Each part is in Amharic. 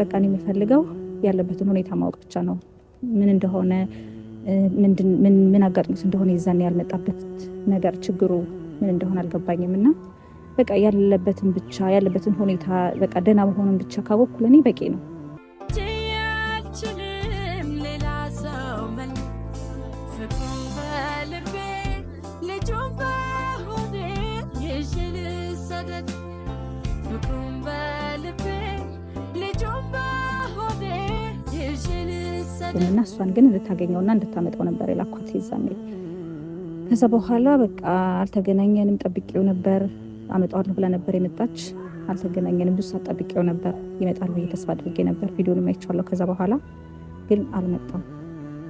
በቃ እኔ የምፈልገው ያለበትን ሁኔታ ማወቅ ብቻ ነው። ምን እንደሆነ ምን አጋጥሞት እንደሆነ የዛን ያልመጣበት ነገር ችግሩ ምን እንደሆነ አልገባኝም እና በቃ ያለበትን ብቻ ያለበትን ሁኔታ በቃ ደህና መሆኑን ብቻ ካወቅኩ ለእኔ በቂ ነው። ልቤ ልጁ በሆዴ ይሽል አላውቅም እና እሷን ግን እንድታገኘውና እንድታመጣው ነበር የላኳት ይዛሜ። ከዛ በኋላ በቃ አልተገናኘንም። ጠብቄው ነበር አመጣዋለሁ ብላ ነበር የመጣች አልተገናኘንም። ብዙ ጠብቄው ነበር ይመጣል ብዬ ተስፋ አድርጌ ነበር። ቪዲዮንም አይቼዋለሁ። ከዛ በኋላ ግን አልመጣም።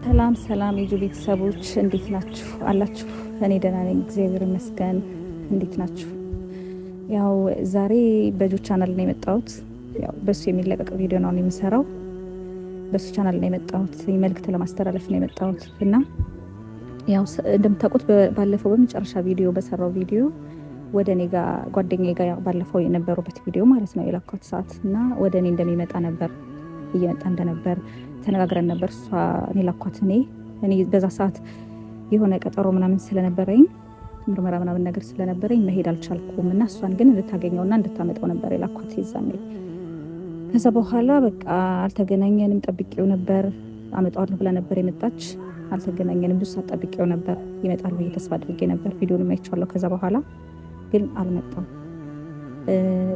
ሰላም ሰላም፣ የጁ ቤተሰቦች እንዴት ናችሁ? አላችሁ? እኔ ደህና ነኝ እግዚአብሔር ይመስገን። እንዴት ናችሁ? ያው ዛሬ በጁ ቻናል ነው የመጣሁት። ያው በሱ የሚለቀቅ ቪዲዮ ነው የምሰራው በሱ ቻናል ነው የመጣሁት። መልክት ለማስተላለፍ ነው የመጣሁት እና ያው እንደምታውቁት ባለፈው በመጨረሻ ቪዲዮ በሰራው ቪዲዮ ወደ እኔ ጋ ጓደኛ ጋ ባለፈው የነበሩበት ቪዲዮ ማለት ነው የላኳት ሰዓት እና ወደ እኔ እንደሚመጣ ነበር እየመጣ እንደነበር ተነጋግረን ነበር። እሷ እኔ ላኳት እኔ እኔ በዛ ሰዓት የሆነ ቀጠሮ ምናምን ስለነበረኝ ምርመራ ምናምን ነገር ስለነበረኝ መሄድ አልቻልኩም እና እሷን ግን እንድታገኘውና እንድታመጣው ነበር የላኳት ይዛኔ ከዛ በኋላ በቃ አልተገናኘንም። ጠብቄው ነበር አመጣዋለሁ ብላ ነበር የመጣች አልተገናኘንም። ብዙ ሰዓት ጠብቄው ነበር ይመጣል ብዬ ተስፋ አድርጌ ነበር። ቪዲዮንም አይቼዋለሁ። ከዛ በኋላ ግን አልመጣም።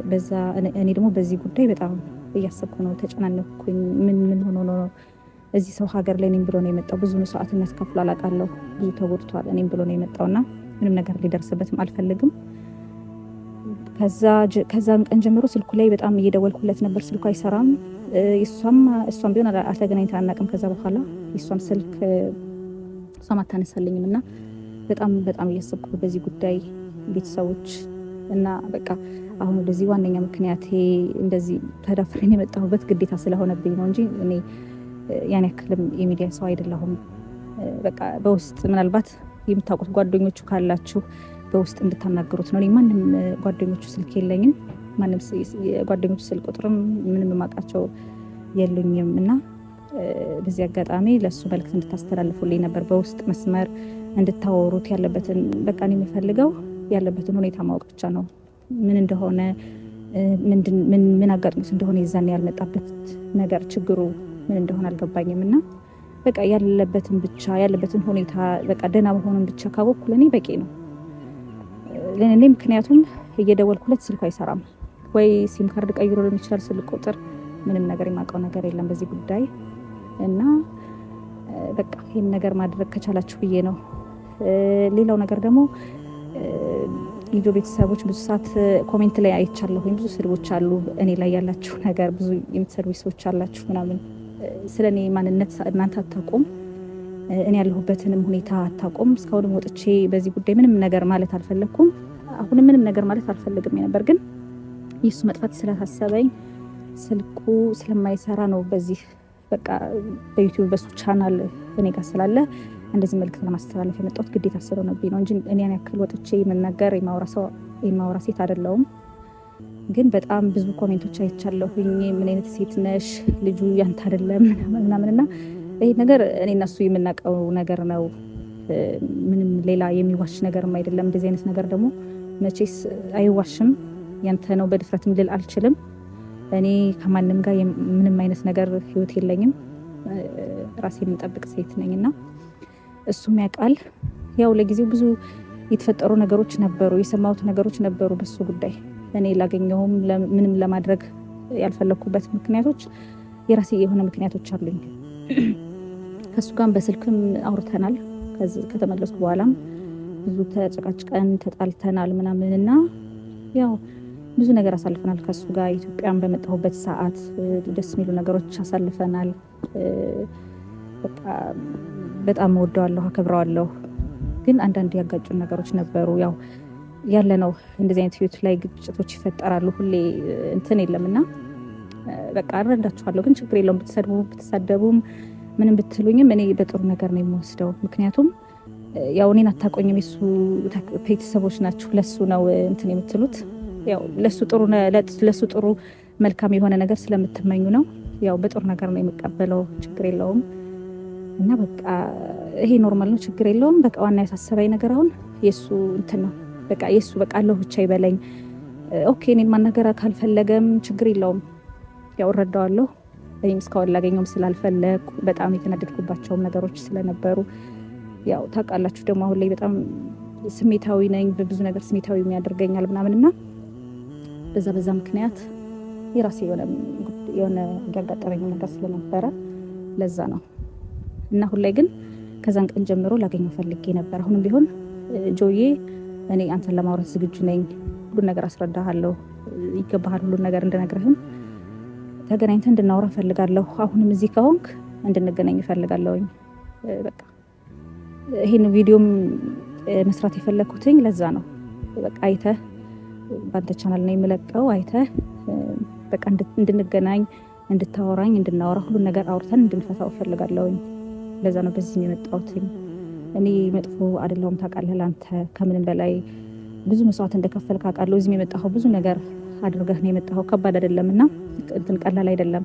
በዛ እኔ ደግሞ በዚህ ጉዳይ በጣም እያሰብኩ ነው፣ ተጨናነኩኝ። ምን ምን ሆኖ ነው እዚህ ሰው ሀገር ላይ እኔም ብሎ ነው የመጣው። ብዙ ሰዓት የሚያስከፍሉ አላቃለሁ። ብዙ ተጎድቷል። እኔም ብሎ ነው የመጣውና ምንም ነገር ሊደርስበትም አልፈልግም። ከዛን ቀን ጀምሮ ስልኩ ላይ በጣም እየደወልኩለት ነበር፣ ስልኩ አይሰራም። እሷም እሷም ቢሆን አልተገናኝተን አናውቅም። ከዛ በኋላ እሷም ስልክ እሷም አታነሳለኝም እና በጣም በጣም እያሰብኩ በዚህ ጉዳይ ቤተሰቦች እና በቃ አሁን ወደዚህ ዋነኛ ምክንያቴ እንደዚህ ተዳፍሬን የመጣሁበት ግዴታ ስለሆነብኝ ነው እንጂ እኔ ያን ያክልም የሚዲያ ሰው አይደለሁም። በቃ በውስጥ ምናልባት የምታውቁት ጓደኞቹ ካላችሁ በውስጥ እንድታናገሩት ነው። ማንም ጓደኞቹ ስልክ የለኝም፣ ማንም የጓደኞቹ ስልክ ቁጥርም ምንም የማውቃቸው የሉኝም እና በዚህ አጋጣሚ ለእሱ መልክት እንድታስተላልፉልኝ ነበር። በውስጥ መስመር እንድታወሩት ያለበትን በቃ እኔ የሚፈልገው ያለበትን ሁኔታ ማወቅ ብቻ ነው። ምን እንደሆነ ምን አጋጥሞት እንደሆነ የዛን ያልመጣበት ነገር ችግሩ ምን እንደሆነ አልገባኝም እና በቃ ያለበትን ብቻ ያለበትን ሁኔታ በቃ ደህና መሆኑን ብቻ ካወቅኩ ለእኔ በቂ ነው። ለእኔ ምክንያቱም እየደወልኩለት ስልኩ አይሰራም ወይ ሲም ካርድ ቀይሮ ሊሆን ይችላል ስልክ ቁጥር ምንም ነገር የማውቀው ነገር የለም በዚህ ጉዳይ እና በቃ ይህን ነገር ማድረግ ከቻላችሁ ብዬ ነው። ሌላው ነገር ደግሞ ልጆ ቤተሰቦች ብዙ ሰዓት ኮሜንት ላይ አይቻለሁ ወይም ብዙ ስድቦች አሉ እኔ ላይ ያላችሁ ነገር ብዙ የምትሰድቡ ሰዎች አላችሁ ምናምን ስለ እኔ ማንነት እናንተ አታውቁም። እኔ ያለሁበትንም ሁኔታ አታውቁም። እስካሁንም ወጥቼ በዚህ ጉዳይ ምንም ነገር ማለት አልፈለግኩም። አሁንም ምንም ነገር ማለት አልፈልግም ነበር፣ ግን የእሱ መጥፋት ስለታሰበኝ ስልኩ ስለማይሰራ ነው። በዚህ በቃ በዩቲዩብ በሱ ቻናል እኔ ጋር ስላለ እንደዚህ መልክት ለማስተላለፍ የመጣሁት ግዴታ ስለሆነብኝ ነው እንጂ እኔን ያክል ወጥቼ የምናገር የማውራ ሴት አይደለሁም። ግን በጣም ብዙ ኮሜንቶች አይቻለሁኝ። ምን አይነት ሴት ነሽ? ልጁ ያንተ አይደለም ምናምንና ይህ ነገር እኔ እነሱ የምናውቀው ነገር ነው። ምንም ሌላ የሚዋሽ ነገርም አይደለም። እንደዚህ አይነት ነገር ደግሞ መቼስ አይዋሽም። ያንተ ነው በድፍረት ልል አልችልም። እኔ ከማንም ጋር ምንም አይነት ነገር ህይወት የለኝም። ራሴ የምንጠብቅ ሴት ነኝ እና እሱም ያውቃል። ያው ለጊዜው ብዙ የተፈጠሩ ነገሮች ነበሩ፣ የሰማሁት ነገሮች ነበሩ በሱ ጉዳይ። እኔ ላገኘውም ምንም ለማድረግ ያልፈለግኩበት ምክንያቶች የራሴ የሆነ ምክንያቶች አሉኝ። ከእሱ ጋር በስልክም አውርተናል። ከተመለስኩ በኋላም ብዙ ተጨቃጭቀን ተጣልተናል ምናምን እና ያው ብዙ ነገር አሳልፈናል ከሱ ጋር ኢትዮጵያን በመጣሁበት ሰዓት ደስ የሚሉ ነገሮች አሳልፈናል። በጣም ወደዋለሁ፣ አከብረዋለሁ። ግን አንዳንድ ያጋጩን ነገሮች ነበሩ። ያው ያለ ነው እንደዚህ አይነት ህይወት ላይ ግጭቶች ይፈጠራሉ። ሁሌ እንትን የለም እና በቃ እረዳችኋለሁ። ግን ችግር የለውም ብትሰድቡ ብትሳደቡም ምንም ብትሉኝም እኔ በጥሩ ነገር ነው የምወስደው። ምክንያቱም ያው እኔን አታቆኝም፣ የሱ ቤተሰቦች ናችሁ። ለሱ ነው እንትን የምትሉት ለሱ ጥሩ መልካም የሆነ ነገር ስለምትመኙ ነው። ያው በጥሩ ነገር ነው የምቀበለው፣ ችግር የለውም። እና በቃ ይሄ ኖርማል ነው፣ ችግር የለውም። በቃ ዋና ያሳሰበኝ ነገር አሁን የሱ እንትን ነው በቃ የሱ በቃ አለሁ ብቻ ይበለኝ። ኦኬ እኔን ማናገር ካልፈለገም ችግር የለውም፣ ያው እረዳዋለሁ እኔም እስካሁን ላገኘውም ስላልፈለግ በጣም የተናደድኩባቸውም ነገሮች ስለነበሩ ያው ታውቃላችሁ ደግሞ አሁን ላይ በጣም ስሜታዊ ነኝ። በብዙ ነገር ስሜታዊ የሚያደርገኛል ምናምን እና በዛ በዛ ምክንያት የራሴ የሆነ ያጋጠመኝ ነገር ስለነበረ ለዛ ነው እና አሁን ላይ ግን ከዛን ቀን ጀምሮ ላገኘው ፈልጌ ነበር። አሁንም ቢሆን ጆዬ እኔ አንተን ለማውራት ዝግጁ ነኝ፣ ሁሉን ነገር አስረዳሃለሁ፣ ይገባሃል ሁሉን ነገር እንደነግርህም ተገናኝተ እንድናወራ ፈልጋለሁ። አሁንም እዚህ ከሆንክ እንድንገናኝ እፈልጋለሁኝ። በቃ ይህን ቪዲዮም መስራት የፈለግኩትኝ ለዛ ነው። በቃ አይተ በአንተ ቻናል ነው የምለቀው። አይተ በቃ እንድንገናኝ፣ እንድታወራኝ፣ እንድናወራ ሁሉን ነገር አውርተን እንድንፈታው እፈልጋለሁኝ። ለዛ ነው በዚህ የመጣሁትኝ። እኔ መጥፎ አይደለሁም ታውቃለህ። ለአንተ ከምንም በላይ ብዙ መስዋዕት እንደከፈልክ አውቃለሁ። እዚህም የመጣኸው ብዙ ነገር አድርገህ ነው የመጣኸው። ከባድ አይደለም እና እንትን ቀላል አይደለም።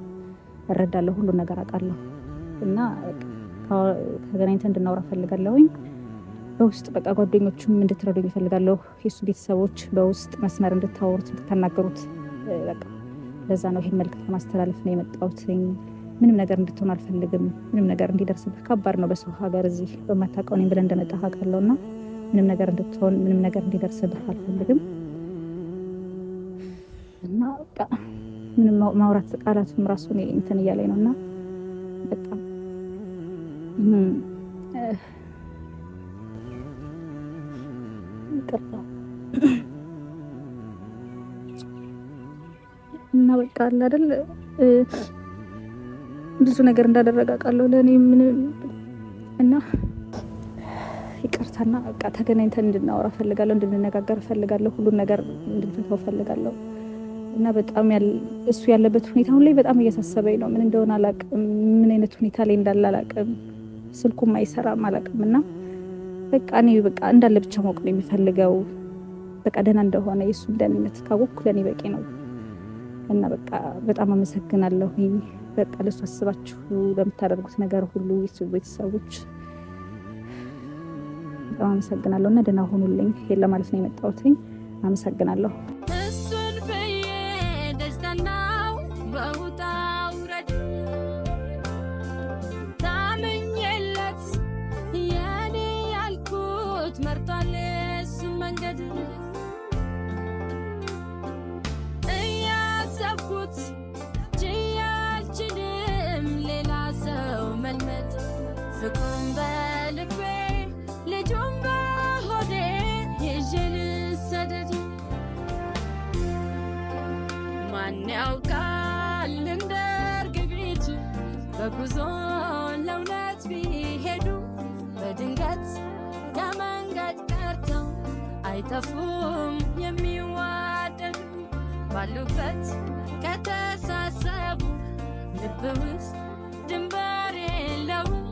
እረዳለሁ፣ ሁሉን ነገር አውቃለሁ። እና ተገናኝተን እንድናወራ እፈልጋለሁኝ። በውስጥ በቃ ጓደኞቹም እንድትረዱኝ ይፈልጋለሁ። የሱ ቤተሰቦች በውስጥ መስመር እንድታወሩት እንድታናገሩት፣ በቃ ለዛ ነው ይህን መልክት ለማስተላለፍ ነው የመጣሁት። ምንም ነገር እንድትሆን አልፈልግም። ምንም ነገር እንዲደርስብህ ከባድ ነው። በሰው ሀገር እዚህ በማታውቀው እኔም ብለን እንደመጣህ አውቃለሁ እና ምንም ነገር እንድትሆን ምንም ነገር እንዲደርስብህ አልፈልግም። እና በቃ ምንም ማውራት ቃላቱም ራሱ እንትን እያለኝ ነው እና በጣም እና በቃ አለ አይደል ብዙ ነገር እንዳደረገ አውቃለሁ ለእኔ ምን እና ይቅርታና በቃ ተገናኝተን እንድናወራ ፈልጋለሁ፣ እንድንነጋገር ፈልጋለሁ፣ ሁሉን ነገር እንድንፈታው ፈልጋለሁ። እና በጣም እሱ ያለበት ሁኔታ አሁን ላይ በጣም እያሳሰበኝ ነው። ምን እንደሆነ አላቅም፣ ምን አይነት ሁኔታ ላይ እንዳለ አላቅም። ስልኩም አይሰራም አላቅም። እና በቃ እኔ በቃ እንዳለ ብቻ ማወቅ ነው የሚፈልገው። በቃ ደህና እንደሆነ የእሱን ደህንነት ካወቅኩ ለእኔ በቂ ነው። እና በቃ በጣም አመሰግናለሁኝ። በቃ ለሱ አስባችሁ ለምታደርጉት ነገር ሁሉ ቤተሰቦች በጣም አመሰግናለሁ እና ደህና ሆኑልኝ ማለት ነው የመጣሁትኝ። አመሰግናለሁ። ሲተፉም የሚዋደዱ ባሉበት ከተሳሰቡ ልብ ውስጥ ድንበር የለው